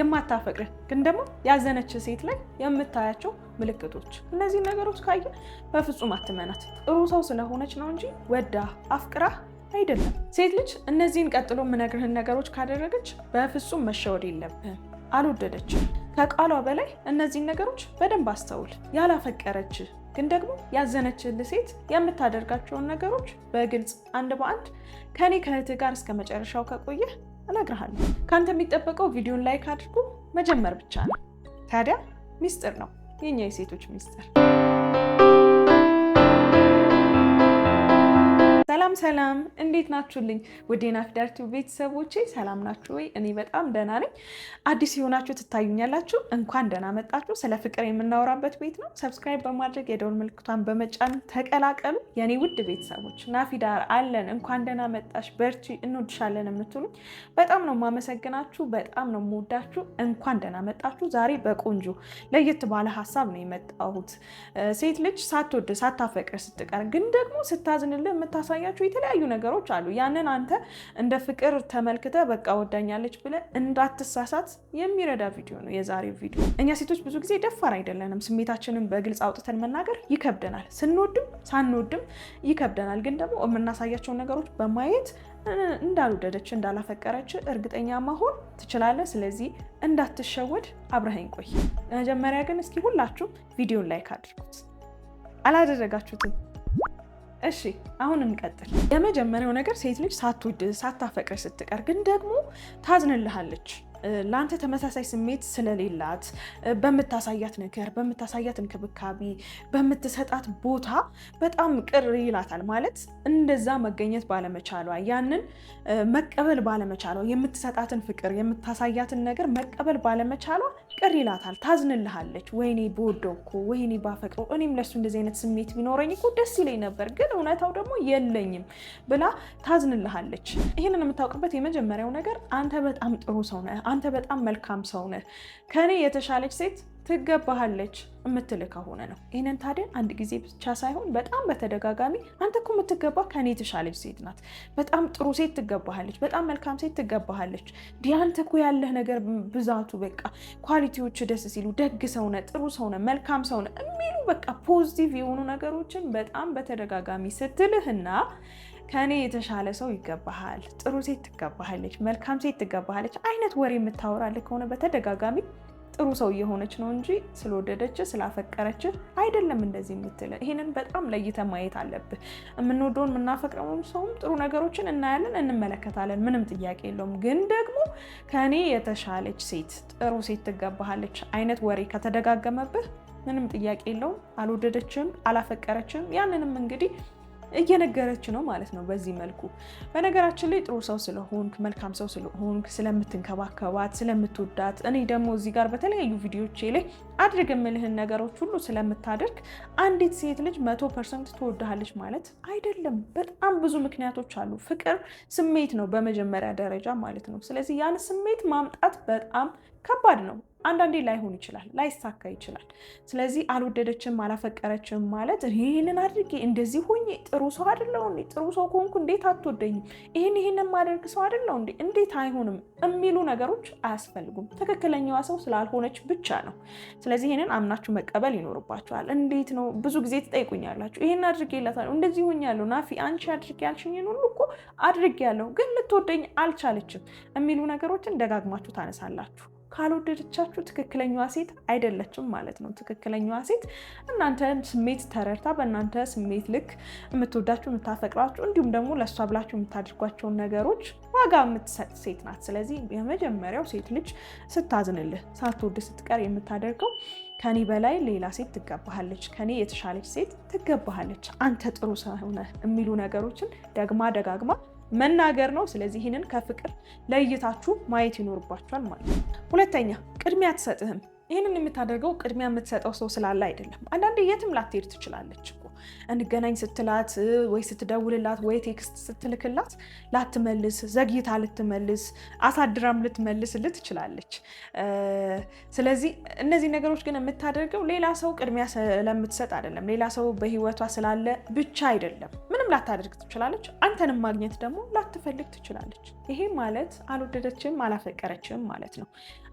የማታፈቅርህ ግን ደግሞ ያዘነች ሴት ላይ የምታያቸው ምልክቶች፣ እነዚህ ነገሮች ካየ በፍጹም አትመናት። ጥሩ ሰው ስለሆነች ነው እንጂ ወዳ አፍቅራ አይደለም። ሴት ልጅ እነዚህን ቀጥሎ የምነግርህን ነገሮች ካደረገች በፍጹም መሸወድ የለብህም። አልወደደችም ከቃሏ በላይ እነዚህን ነገሮች በደንብ አስተውል። ያላፈቀረች ግን ደግሞ ያዘነችል ሴት የምታደርጋቸውን ነገሮች በግልጽ አንድ በአንድ ከኔ ከእህትህ ጋር እስከ መጨረሻው ከቆየህ እነግርሃለሁ። ከአንተ የሚጠበቀው ቪዲዮን ላይክ አድርጎ መጀመር ብቻ ነው። ታዲያ ሚስጥር ነው የኛ የሴቶች ሚስጥር። ሰላም ሰላም፣ እንዴት ናችሁልኝ? ውዴ ናፊዳር ቲዩብ ቤተሰቦቼ ሰላም ናችሁ ወይ? እኔ በጣም ደህና ነኝ። አዲስ የሆናችሁ ትታዩኛላችሁ፣ እንኳን ደህና መጣችሁ። ስለ ፍቅር የምናወራበት ቤት ነው። ሰብስክራይብ በማድረግ የደወል ምልክቷን በመጫን ተቀላቀሉ። የኔ ውድ ቤተሰቦች ናፊዳር አለን፣ እንኳን ደህና መጣሽ፣ በርቺ፣ እንወድሻለን የምትሉኝ በጣም ነው የማመሰግናችሁ፣ በጣም ነው የምወዳችሁ። እንኳን ደህና መጣችሁ። ዛሬ በቆንጆ ለየት ባለ ሀሳብ ነው የመጣሁት። ሴት ልጅ ሳትወድ ሳታፈቅር ስትቀር ግን ደግሞ ስታዝንልህ የምታሳያ ያላቸው የተለያዩ ነገሮች አሉ። ያንን አንተ እንደ ፍቅር ተመልክተ በቃ ወዳኛለች ብለ እንዳትሳሳት የሚረዳ ቪዲዮ ነው የዛሬ ቪዲዮ። እኛ ሴቶች ብዙ ጊዜ ደፋር አይደለንም። ስሜታችንን በግልጽ አውጥተን መናገር ይከብደናል። ስንወድም ሳንወድም ይከብደናል። ግን ደግሞ የምናሳያቸውን ነገሮች በማየት እንዳልወደደች እንዳላፈቀረች እርግጠኛ መሆን ትችላለህ። ስለዚህ እንዳትሸወድ አብረኸኝ ቆይ። መጀመሪያ ግን እስኪ ሁላችሁም ቪዲዮን ላይክ አድርጉት፣ አላደረጋችሁትም እሺ አሁን እንቀጥል። የመጀመሪያው ነገር ሴት ልጅ ሳትወድ ሳታፈቅር ስትቀር ግን ደግሞ ታዝንልሃለች። ለአንተ ተመሳሳይ ስሜት ስለሌላት በምታሳያት ነገር፣ በምታሳያት እንክብካቤ፣ በምትሰጣት ቦታ በጣም ቅር ይላታል። ማለት እንደዛ መገኘት ባለመቻሏ፣ ያንን መቀበል ባለመቻሏ፣ የምትሰጣትን ፍቅር፣ የምታሳያትን ነገር መቀበል ባለመቻሏ ቅር ይላታል። ታዝንልሃለች። ወይኔ በወደው እኮ ወይኔ ባፈቅሮ እኔም ለሱ እንደዚህ አይነት ስሜት ቢኖረኝ እኮ ደስ ይለኝ ነበር፣ ግን እውነታው ደግሞ የለኝም ብላ ታዝንልሃለች። ይህንን የምታውቅበት የመጀመሪያው ነገር አንተ በጣም ጥሩ ሰው ነህ አንተ በጣም መልካም ሰው ነህ፣ ከኔ የተሻለች ሴት ትገባሃለች የምትል ከሆነ ነው። ይህንን ታዲያ አንድ ጊዜ ብቻ ሳይሆን በጣም በተደጋጋሚ አንተ እኮ የምትገባ ከኔ የተሻለች ሴት ናት፣ በጣም ጥሩ ሴት ትገባሃለች፣ በጣም መልካም ሴት ትገባሃለች፣ ዲያንተ እኮ ያለህ ነገር ብዛቱ በቃ ኳሊቲዎች ደስ ሲሉ ደግ ሰውነ፣ ጥሩ ሰውነ፣ መልካም ሰውነ የሚሉ በቃ ፖዚቲቭ የሆኑ ነገሮችን በጣም በተደጋጋሚ ስትልህና ከእኔ የተሻለ ሰው ይገባሃል፣ ጥሩ ሴት ትገባሃለች፣ መልካም ሴት ትገባሃለች አይነት ወሬ የምታወራልህ ከሆነ በተደጋጋሚ ጥሩ ሰው እየሆነች ነው እንጂ ስለወደደች ስላፈቀረች አይደለም እንደዚህ የምትለ ይሄንን በጣም ለይተ ማየት አለብህ። የምንወደውን የምናፈቅረውም ሰውም ጥሩ ነገሮችን እናያለን፣ እንመለከታለን፣ ምንም ጥያቄ የለውም። ግን ደግሞ ከእኔ የተሻለች ሴት፣ ጥሩ ሴት ትገባሃለች አይነት ወሬ ከተደጋገመብህ ምንም ጥያቄ የለውም፣ አልወደደችም፣ አላፈቀረችም። ያንንም እንግዲህ እየነገረች ነው ማለት ነው። በዚህ መልኩ በነገራችን ላይ ጥሩ ሰው ስለሆንክ መልካም ሰው ስለሆንክ ስለምትንከባከባት፣ ስለምትወዳት እኔ ደግሞ እዚህ ጋር በተለያዩ ቪዲዮቼ ላይ አድርግ የምልህን ነገሮች ሁሉ ስለምታደርግ አንዲት ሴት ልጅ መቶ ፐርሰንት ትወድሃለች ማለት አይደለም። በጣም ብዙ ምክንያቶች አሉ። ፍቅር ስሜት ነው በመጀመሪያ ደረጃ ማለት ነው። ስለዚህ ያን ስሜት ማምጣት በጣም ከባድ ነው። አንዳንዴ ላይሆን ይችላል፣ ላይሳካ ይችላል። ስለዚህ አልወደደችም፣ አላፈቀረችም ማለት ይህንን አድርጌ እንደዚህ ሆኜ ጥሩ ሰው አይደለሁ እንዴ? ጥሩ ሰው ከሆንኩ እንዴት አትወደኝም? ይህን ይህን ማደርግ ሰው አይደለሁ እንዴ? እንዴት አይሆንም? የሚሉ ነገሮች አያስፈልጉም። ትክክለኛዋ ሰው ስላልሆነች ብቻ ነው። ስለዚህ ይህንን አምናችሁ መቀበል ይኖርባችኋል። እንዴት ነው ብዙ ጊዜ ትጠይቁኛላችሁ። ይህን አድርጌላታለሁ፣ እንደዚህ ሆኛለሁ፣ ናፊ አንቺ አድርጌ ያልሽኝን ሁሉ እኮ አድርጌያለሁ፣ ግን ልትወደኝ አልቻለችም የሚሉ ነገሮችን ደጋግማችሁ ታነሳላችሁ። ካልወደደቻችሁ ትክክለኛዋ ሴት አይደለችም ማለት ነው። ትክክለኛዋ ሴት እናንተን ስሜት ተረድታ በእናንተ ስሜት ልክ የምትወዳችሁ የምታፈቅራችሁ፣ እንዲሁም ደግሞ ለእሷ ብላችሁ የምታደርጓቸውን ነገሮች ዋጋ የምትሰጥ ሴት ናት። ስለዚህ የመጀመሪያው ሴት ልጅ ስታዝንልህ፣ ሳትወድ ስትቀር የምታደርገው ከኔ በላይ ሌላ ሴት ትገባሃለች፣ ከኔ የተሻለች ሴት ትገባሃለች፣ አንተ ጥሩ ሰው የሚሉ ነገሮችን ደግማ ደጋግማ መናገር ነው። ስለዚህ ይህንን ከፍቅር ለይታችሁ ማየት ይኖርባችኋል ማለት ነው። ሁለተኛ ቅድሚያ አትሰጥህም። ይህንን የምታደርገው ቅድሚያ የምትሰጠው ሰው ስላለ አይደለም። አንዳንዴ የትም ላትሄድ ትችላለች እኮ እንገናኝ ስትላት ወይ ስትደውልላት ወይ ቴክስት ስትልክላት ላትመልስ፣ ዘግይታ ልትመልስ፣ አሳድራም ልትመልስ ልትችላለች። ስለዚህ እነዚህ ነገሮች ግን የምታደርገው ሌላ ሰው ቅድሚያ ስለምትሰጥ አይደለም፣ ሌላ ሰው በህይወቷ ስላለ ብቻ አይደለም። ምንም ላታደርግ ትችላለች። አንተንም ማግኘት ደግሞ ላትፈልግ ትችላለች። ይሄ ማለት አልወደደችም፣ አላፈቀረችም ማለት ነው።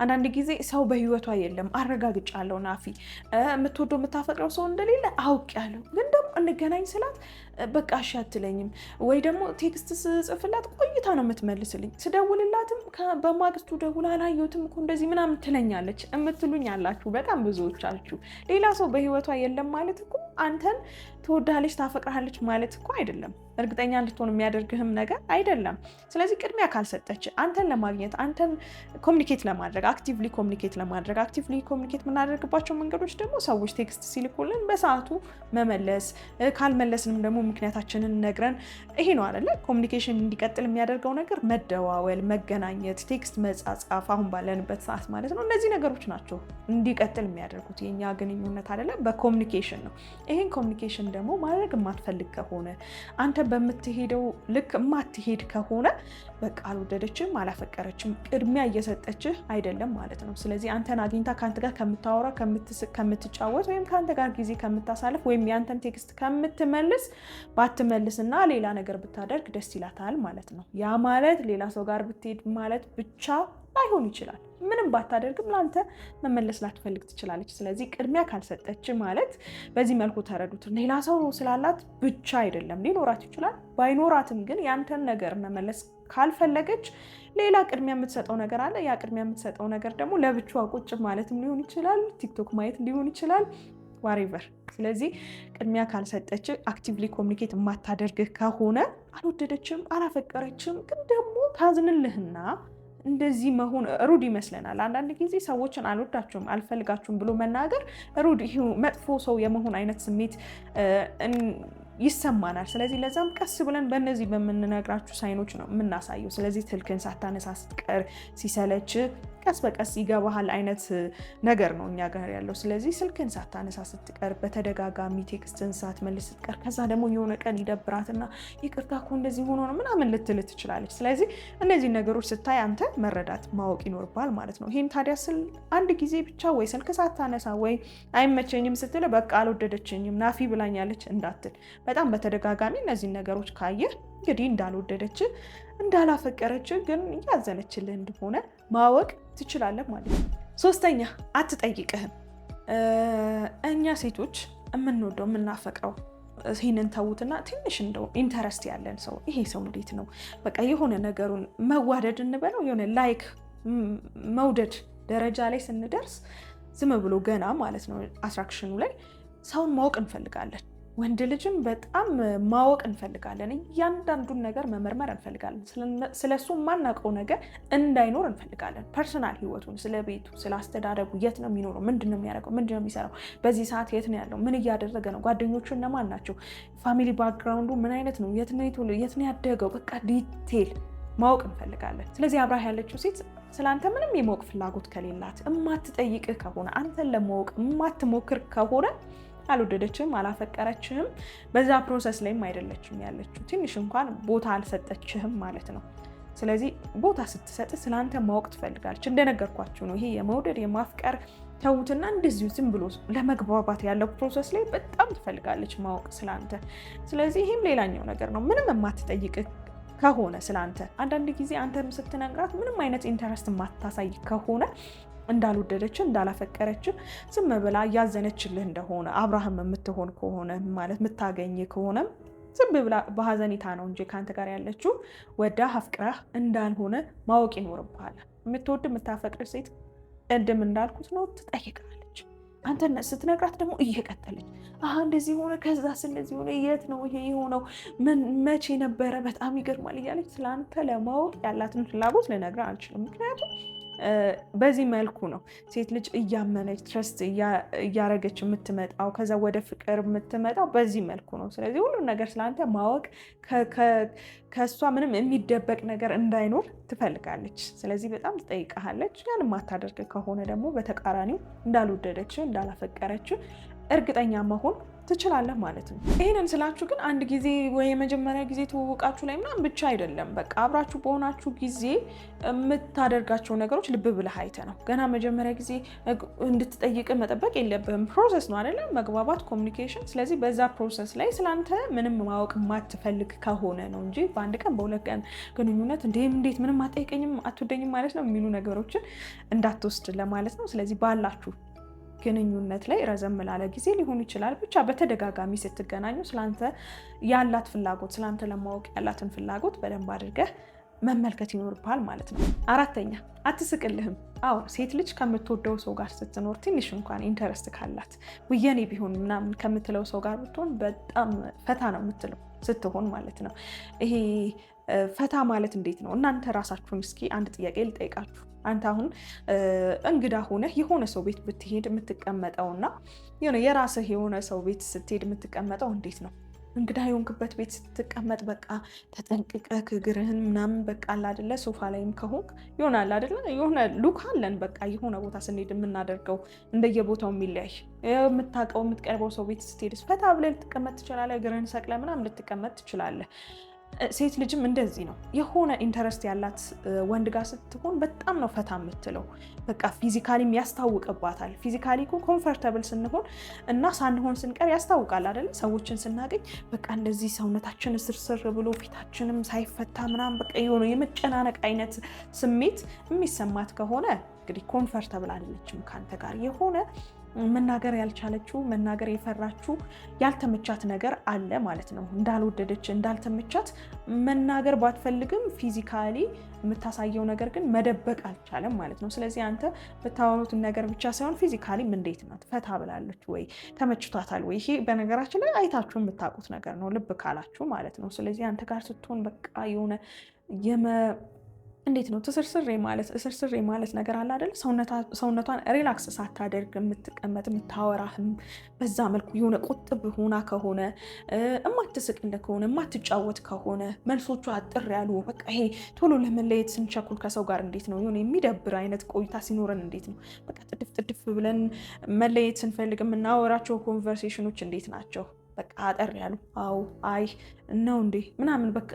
አንዳንድ ጊዜ ሰው በህይወቷ የለም አረጋግጫለሁ ናፊ፣ የምትወደው የምታፈቅረው ሰው እንደሌለ ያለው ግን እንገናኝ ስላት በቃ እሺ አትለኝም፣ ወይ ደግሞ ቴክስት ስጽፍላት ቆይታ ነው የምትመልስልኝ። ስደውልላትም በማግስቱ ደውላ አላየሁትም እኮ እንደዚህ ምናምን ትለኛለች የምትሉኝ አላችሁ በጣም ብዙዎቻችሁ። ሌላ ሰው በህይወቷ የለም ማለት እኮ አንተን ትወዳለች ታፈቅራለች ማለት እኮ አይደለም። እርግጠኛ እንድትሆን የሚያደርግህም ነገር አይደለም። ስለዚህ ቅድሚያ ካልሰጠች አንተን ለማግኘት አንተን ኮሚኒኬት ለማድረግ አክቲቭሊ ኮሚኒኬት ለማድረግ አክቲቭሊ ኮሚኒኬት የምናደርግባቸው መንገዶች ደግሞ ሰዎች ቴክስት ሲልኩልን በሰዓቱ መመለስ፣ ካልመለስንም ደግሞ ምክንያታችንን ነግረን ይሄ ነው አለ ኮሚኒኬሽን እንዲቀጥል የሚያደርገው ነገር መደዋወል፣ መገናኘት፣ ቴክስት መጻጻፍ፣ አሁን ባለንበት ሰዓት ማለት ነው። እነዚህ ነገሮች ናቸው እንዲቀጥል የሚያደርጉት የኛ ግንኙነት አይደለም፣ በኮሚኒኬሽን ነው። ይሄን ኮሚኒኬሽን ደግሞ ማድረግ የማትፈልግ ከሆነ አንተ በምትሄደው ልክ የማትሄድ ከሆነ በቃ አልወደደችም፣ አላፈቀረችም፣ ቅድሚያ እየሰጠችህ አይደለም ማለት ነው። ስለዚህ አንተን አግኝታ ከአንተ ጋር ከምታወራ፣ ከምትጫወት ወይም ከአንተ ጋር ጊዜ ከምታሳልፍ ወይም የአንተን ቴክስት ከምትመልስ ባትመልስና ሌላ ነገር ብታደርግ ደስ ይላታል ማለት ነው። ያ ማለት ሌላ ሰው ጋር ብትሄድ ማለት ብቻ ላይሆን ይችላል። ምንም ባታደርግም ለአንተ መመለስ ላትፈልግ ትችላለች። ስለዚህ ቅድሚያ ካልሰጠች ማለት በዚህ መልኩ ተረዱት። ሌላ ሰው ስላላት ብቻ አይደለም፣ ሊኖራት ይችላል። ባይኖራትም ግን ያንተን ነገር መመለስ ካልፈለገች ሌላ ቅድሚያ የምትሰጠው ነገር አለ። ያ ቅድሚያ የምትሰጠው ነገር ደግሞ ለብቻዋ ቁጭ ማለትም ሊሆን ይችላል፣ ቲክቶክ ማየት ሊሆን ይችላል ዋሬቨር። ስለዚህ ቅድሚያ ካልሰጠች አክቲቭሊ ኮሚኒኬት የማታደርግህ ከሆነ አልወደደችም፣ አላፈቀረችም ግን ደግሞ ታዝንልህና እንደዚህ መሆን ሩድ ይመስለናል። አንዳንድ ጊዜ ሰዎችን አልወዳችሁም፣ አልፈልጋችሁም ብሎ መናገር ሩድ፣ መጥፎ ሰው የመሆን አይነት ስሜት ይሰማናል። ስለዚህ ለዛም ቀስ ብለን በእነዚህ በምንነግራችሁ ሳይኖች ነው የምናሳየው። ስለዚህ ስልክን ሳታነሳ ስትቀር ሲሰለች ቀስ በቀስ ይገባሃል አይነት ነገር ነው እኛ ጋር ያለው። ስለዚህ ስልክን ሳታነሳ ስትቀር፣ በተደጋጋሚ ቴክስትን ሳትመልስ ስትቀር፣ ከዛ ደግሞ የሆነ ቀን ይደብራትና ይቅርታ እኮ እንደዚህ ሆኖ ነው ምናምን ልትል ትችላለች። ስለዚህ እነዚህ ነገሮች ስታይ አንተ መረዳት ማወቅ ይኖርባል ማለት ነው። ይህን ታዲያ ስል አንድ ጊዜ ብቻ ወይ ስልክ ሳታነሳ ወይ አይመቸኝም ስትል በቃ አልወደደችኝም ናፊ ብላኛለች እንዳትል። በጣም በተደጋጋሚ እነዚህን ነገሮች ካየህ እንግዲህ እንዳልወደደች እንዳላፈቀረች ግን እያዘነችልህ እንደሆነ ማወቅ ትችላለህ ማለት ነው። ሶስተኛ አትጠይቅህም። እኛ ሴቶች የምንወደው የምናፈቅረው ይህንን ተዉትና ትንሽ እንደው ኢንተረስት ያለን ሰው ይሄ ሰው እንዴት ነው በቃ የሆነ ነገሩን መዋደድ እንበለው የሆነ ላይክ መውደድ ደረጃ ላይ ስንደርስ ዝም ብሎ ገና ማለት ነው አትራክሽኑ ላይ ሰውን ማወቅ እንፈልጋለን። ወንድ ልጅን በጣም ማወቅ እንፈልጋለን። እያንዳንዱን ነገር መመርመር እንፈልጋለን። ስለሱ የማናውቀው ነገር እንዳይኖር እንፈልጋለን። ፐርሰናል ህይወቱን፣ ስለ ቤቱ፣ ስለ አስተዳደጉ፣ የት ነው የሚኖረው፣ ምንድን ነው የሚያደርገው፣ ምንድን ነው የሚሰራው፣ በዚህ ሰዓት የት ነው ያለው፣ ምን እያደረገ ነው፣ ጓደኞቹ እነማን ናቸው፣ ፋሚሊ ባክግራውንዱ ምን አይነት ነው፣ የት ነው ያደገው፣ በቃ ዲቴል ማወቅ እንፈልጋለን። ስለዚህ አብርሃ ያለችው ሴት ስለ አንተ ምንም የማወቅ ፍላጎት ከሌላት፣ እማትጠይቅህ ከሆነ አንተን ለማወቅ እማትሞክር ከሆነ አልወደደችም፣ አላፈቀረችህም። በዛ ፕሮሰስ ላይም አይደለችም ያለችው። ትንሽ እንኳን ቦታ አልሰጠችህም ማለት ነው። ስለዚህ ቦታ ስትሰጥ ስለአንተ ማወቅ ትፈልጋለች። እንደነገርኳችሁ ነው ይሄ የመውደድ የማፍቀር ተዉትና፣ እንደዚሁ ዝም ብሎ ለመግባባት ያለው ፕሮሰስ ላይ በጣም ትፈልጋለች ማወቅ ስለአንተ። ስለዚህ ይህም ሌላኛው ነገር ነው። ምንም የማትጠይቅ ከሆነ ስለአንተ አንዳንድ ጊዜ አንተም ስትነግራት ምንም አይነት ኢንተረስት የማታሳይ ከሆነ እንዳልወደደች እንዳላፈቀረች ዝም ብላ እያዘነችልህ እንደሆነ አብርሃም የምትሆን ከሆነ ማለት የምታገኝ ከሆነም ዝም ብላ በሀዘኔታ ነው እንጂ ከአንተ ጋር ያለችው ወዳ አፍቅራህ እንዳልሆነ ማወቅ ይኖርብሃል። የምትወድ የምታፈቅር ሴት ቅድም እንዳልኩት ነው ትጠይቃለች። አንተ ስትነግራት ደግሞ እየቀጠለች አ እንደዚህ ሆነ፣ ከዛ ስለዚህ ሆነ፣ የት ነው ይሄ የሆነው፣ መቼ ነበረ፣ በጣም ይገርማል እያለች ስለአንተ ለማወቅ ያላትን ፍላጎት ልነግርህ አልችልም ምክንያቱም በዚህ መልኩ ነው ሴት ልጅ እያመነች ትረስት እያረገች የምትመጣው ከዛ ወደ ፍቅር የምትመጣው በዚህ መልኩ ነው። ስለዚህ ሁሉን ነገር ስለአንተ ማወቅ ከእሷ ምንም የሚደበቅ ነገር እንዳይኖር ትፈልጋለች። ስለዚህ በጣም ትጠይቀሃለች። ያን ማታደርግ ከሆነ ደግሞ በተቃራኒው እንዳልወደደችው እንዳላፈቀረችው እርግጠኛ መሆን ትችላለህ ማለት ነው። ይህንን ስላችሁ ግን አንድ ጊዜ ወይ የመጀመሪያ ጊዜ ትውውቃችሁ ላይ ምናምን ብቻ አይደለም። በቃ አብራችሁ በሆናችሁ ጊዜ የምታደርጋቸው ነገሮች ልብ ብለህ አይተህ ነው። ገና መጀመሪያ ጊዜ እንድትጠይቅ መጠበቅ የለብህም። ፕሮሰስ ነው አይደለም? መግባባት፣ ኮሚኒኬሽን። ስለዚህ በዛ ፕሮሰስ ላይ ስላንተ ምንም ማወቅ የማትፈልግ ከሆነ ነው እንጂ በአንድ ቀን በሁለት ቀን ግንኙነት እንዲህም እንዴት ምንም አጠይቀኝም አትወደኝም ማለት ነው የሚሉ ነገሮችን እንዳትወስድ ለማለት ነው። ስለዚህ ባላችሁ ግንኙነት ላይ ረዘም ላለ ጊዜ ሊሆን ይችላል። ብቻ በተደጋጋሚ ስትገናኙ ስላንተ ያላት ፍላጎት ስላንተ ለማወቅ ያላትን ፍላጎት በደንብ አድርገህ መመልከት ይኖርብሃል ማለት ነው። አራተኛ አትስቅልህም። አዎ ሴት ልጅ ከምትወደው ሰው ጋር ስትኖር ትንሽ እንኳን ኢንተረስት ካላት ውየኔ ቢሆን ምናምን ከምትለው ሰው ጋር ብትሆን በጣም ፈታ ነው የምትለው ስትሆን ማለት ነው። ይሄ ፈታ ማለት እንዴት ነው? እናንተ ራሳችሁን እስኪ አንድ ጥያቄ ልጠይቃችሁ። አንተ አሁን እንግዳ ሆነህ የሆነ ሰው ቤት ብትሄድ የምትቀመጠውና የሆነ የራስህ የሆነ ሰው ቤት ስትሄድ የምትቀመጠው እንዴት ነው? እንግዳ የሆንክበት ቤት ስትቀመጥ በቃ ተጠንቅቀህ እግርህን ምናምን በቃ አለ አይደለ፣ ሶፋ ላይም ከሆንክ ይሆናል አይደለ፣ የሆነ ሉክ አለን በቃ የሆነ ቦታ ስንሄድ የምናደርገው እንደየቦታው የሚለያይ የምታውቀው የምትቀርበው ሰው ቤት ስትሄድ ፈታ ብለህ ልትቀመጥ ትችላለህ። እግርህን ሰቅለህ ምናምን ልትቀመጥ ትችላለህ። ሴት ልጅም እንደዚህ ነው። የሆነ ኢንተረስት ያላት ወንድ ጋር ስትሆን በጣም ነው ፈታ የምትለው። በቃ ፊዚካሊም ያስታውቅባታል። ፊዚካሊ እኮ ኮምፈርተብል ስንሆን እና ሳንሆን ስንቀር ያስታውቃል አይደለ? ሰዎችን ስናገኝ በቃ እንደዚህ ሰውነታችን ስርስር ብሎ ፊታችንም ሳይፈታ ምናምን በቃ የሆነ የመጨናነቅ አይነት ስሜት የሚሰማት ከሆነ እንግዲህ ኮምፈርተብል አለችም ከአንተ ጋር የሆነ መናገር ያልቻለችው መናገር የፈራችው ያልተመቻት ነገር አለ ማለት ነው። እንዳልወደደች እንዳልተመቻት መናገር ባትፈልግም ፊዚካሊ የምታሳየው ነገር ግን መደበቅ አልቻለም ማለት ነው። ስለዚህ አንተ ብታወሩትን ነገር ብቻ ሳይሆን ፊዚካሊም እንዴት ናት፣ ፈታ ብላለች ወይ፣ ተመችቷታል ወይ? ይሄ በነገራችን ላይ አይታችሁ የምታውቁት ነገር ነው፣ ልብ ካላችሁ ማለት ነው። ስለዚህ አንተ ጋር ስትሆን በቃ የሆነ እንዴት ነው ትስርስሬ ማለት እስርስሬ ማለት ነገር አለ አይደል? ሰውነቷን ሪላክስ ሳታደርግ የምትቀመጥ የምታወራህም በዛ መልኩ የሆነ ቁጥብ ሆና ከሆነ እማትስቅ ከሆነ የማትጫወት ከሆነ መልሶቹ አጥር ያሉ በቃ ይሄ ቶሎ ለመለየት ስንቸኩል ከሰው ጋር እንዴት ነው የሆነ የሚደብር አይነት ቆይታ ሲኖረን እንዴት ነው በቃ ጥድፍ ጥድፍ ብለን መለየት ስንፈልግ የምናወራቸው ኮንቨርሴሽኖች እንዴት ናቸው? በቃ አጠር ያሉ አዎ፣ አይ ነው እንዴ ምናምን በቃ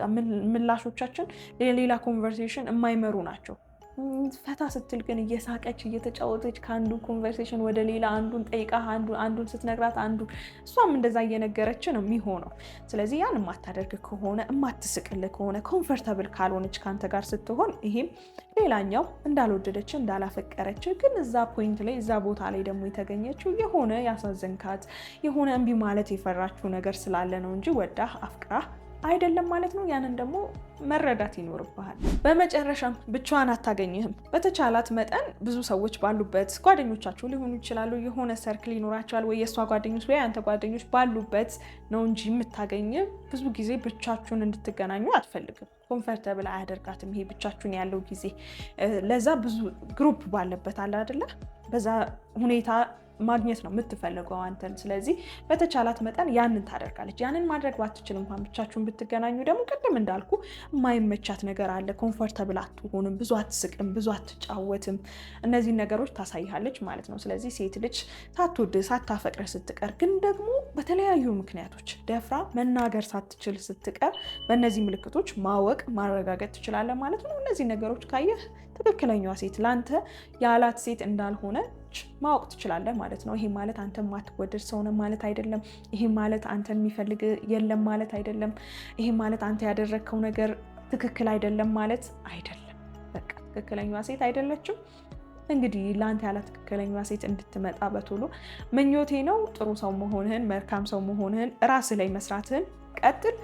ምላሾቻችን ለሌላ ኮንቨርሴሽን የማይመሩ ናቸው። ፈታ ስትል ግን እየሳቀች እየተጫወተች ከአንዱ ኮንቨርሴሽን ወደ ሌላ አንዱን ጠይቃ አንዱን ስትነግራት አንዱ እሷም እንደዛ እየነገረች ነው የሚሆነው። ስለዚህ ያን የማታደርግ ከሆነ የማትስቅል ከሆነ ኮንፈርተብል ካልሆነች ከአንተ ጋር ስትሆን ይሄም ሌላኛው እንዳልወደደች እንዳላፈቀረች ግን እዛ ፖይንት ላይ እዛ ቦታ ላይ ደግሞ የተገኘችው የሆነ ያሳዘንካት የሆነ እምቢ ማለት የፈራችው ነገር ስላለ ነው እንጂ ወዳህ አፍቅራህ አይደለም ማለት ነው። ያንን ደግሞ መረዳት ይኖርብሃል። በመጨረሻም ብቻዋን አታገኝህም። በተቻላት መጠን ብዙ ሰዎች ባሉበት ጓደኞቻችሁ ሊሆኑ ይችላሉ፣ የሆነ ሰርክል ይኖራቸዋል፣ ወይ የእሷ ጓደኞች ወይ አንተ ጓደኞች ባሉበት ነው እንጂ የምታገኝ። ብዙ ጊዜ ብቻችሁን እንድትገናኙ አትፈልግም። ኮንፈርተብል አያደርጋትም ይሄ ብቻችሁን ያለው ጊዜ። ለዛ ብዙ ግሩፕ ባለበት አለ አደለ፣ በዛ ሁኔታ ማግኘት ነው የምትፈልገው አንተን። ስለዚህ በተቻላት መጠን ያንን ታደርጋለች። ያንን ማድረግ ባትችል እንኳን ብቻችሁን ብትገናኙ ደግሞ ቅድም እንዳልኩ የማይመቻት ነገር አለ። ኮምፎርተብል አትሆንም፣ ብዙ አትስቅም፣ ብዙ አትጫወትም። እነዚህን ነገሮች ታሳይሃለች ማለት ነው። ስለዚህ ሴት ልጅ ሳትወድ ሳታፈቅር ስትቀር ግን ደግሞ በተለያዩ ምክንያቶች ደፍራ መናገር ሳትችል ስትቀር በእነዚህ ምልክቶች ማወቅ ማረጋገጥ ትችላለህ ማለት ነው። እነዚህ ነገሮች ካየህ ትክክለኛዋ ሴት ላንተ ያላት ሴት እንዳልሆነ ሰዎች ማወቅ ትችላለህ ማለት ነው። ይሄ ማለት አንተ ማትወደድ ሰውነ ማለት አይደለም። ይሄ ማለት አንተ የሚፈልግ የለም ማለት አይደለም። ይሄ ማለት አንተ ያደረግከው ነገር ትክክል አይደለም ማለት አይደለም። በቃ ትክክለኛዋ ሴት አይደለችም። እንግዲህ ለአንተ ያለ ትክክለኛዋ ሴት እንድትመጣ በቶሎ ምኞቴ ነው። ጥሩ ሰው መሆንህን፣ መልካም ሰው መሆንህን፣ ራስህ ላይ መስራትህን ቀጥል።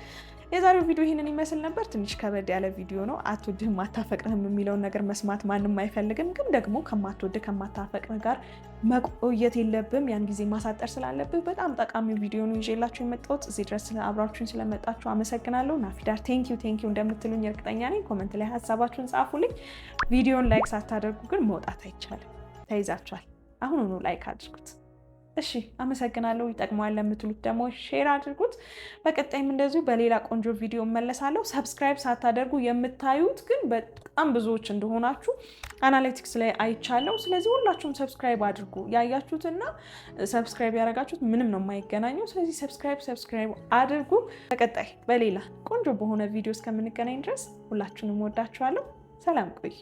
የዛሬው ቪዲዮ ይህንን ይመስል ነበር። ትንሽ ከበድ ያለ ቪዲዮ ነው። አትወድህም አታፈቅርህም የሚለውን ነገር መስማት ማንም አይፈልግም። ግን ደግሞ ከማትወድህ ከማታፈቅርህ ጋር መቆየት የለብም። ያን ጊዜ ማሳጠር ስላለብህ በጣም ጠቃሚ ቪዲዮ ነው ይዤላችሁ የመጣሁት። እዚህ ድረስ አብራችሁን ስለመጣችሁ አመሰግናለሁ። ናፊዳር ቴንኪዩ ቴንኪዩ እንደምትሉኝ እርግጠኛ ነኝ። ኮመንት ላይ ሀሳባችሁን ጻፉልኝ። ቪዲዮን ላይክ ሳታደርጉ ግን መውጣት አይቻልም። ተይዛችኋል። አሁኑኑ ላይክ አድርጉት። እሺ አመሰግናለሁ። ይጠቅመዋል ለምትሉት ደግሞ ሼር አድርጉት። በቀጣይም እንደዚሁ በሌላ ቆንጆ ቪዲዮ መለሳለሁ። ሰብስክራይብ ሳታደርጉ የምታዩት ግን በጣም ብዙዎች እንደሆናችሁ አናሊቲክስ ላይ አይቻለሁ። ስለዚህ ሁላችሁም ሰብስክራይብ አድርጉ። ያያችሁትና ሰብስክራይብ ያደረጋችሁት ምንም ነው የማይገናኘው። ስለዚህ ሰብስክራይብ ሰብስክራይብ አድርጉ። በቀጣይ በሌላ ቆንጆ በሆነ ቪዲዮ እስከምንገናኝ ድረስ ሁላችሁንም ወዳችኋለሁ። ሰላም ቆይ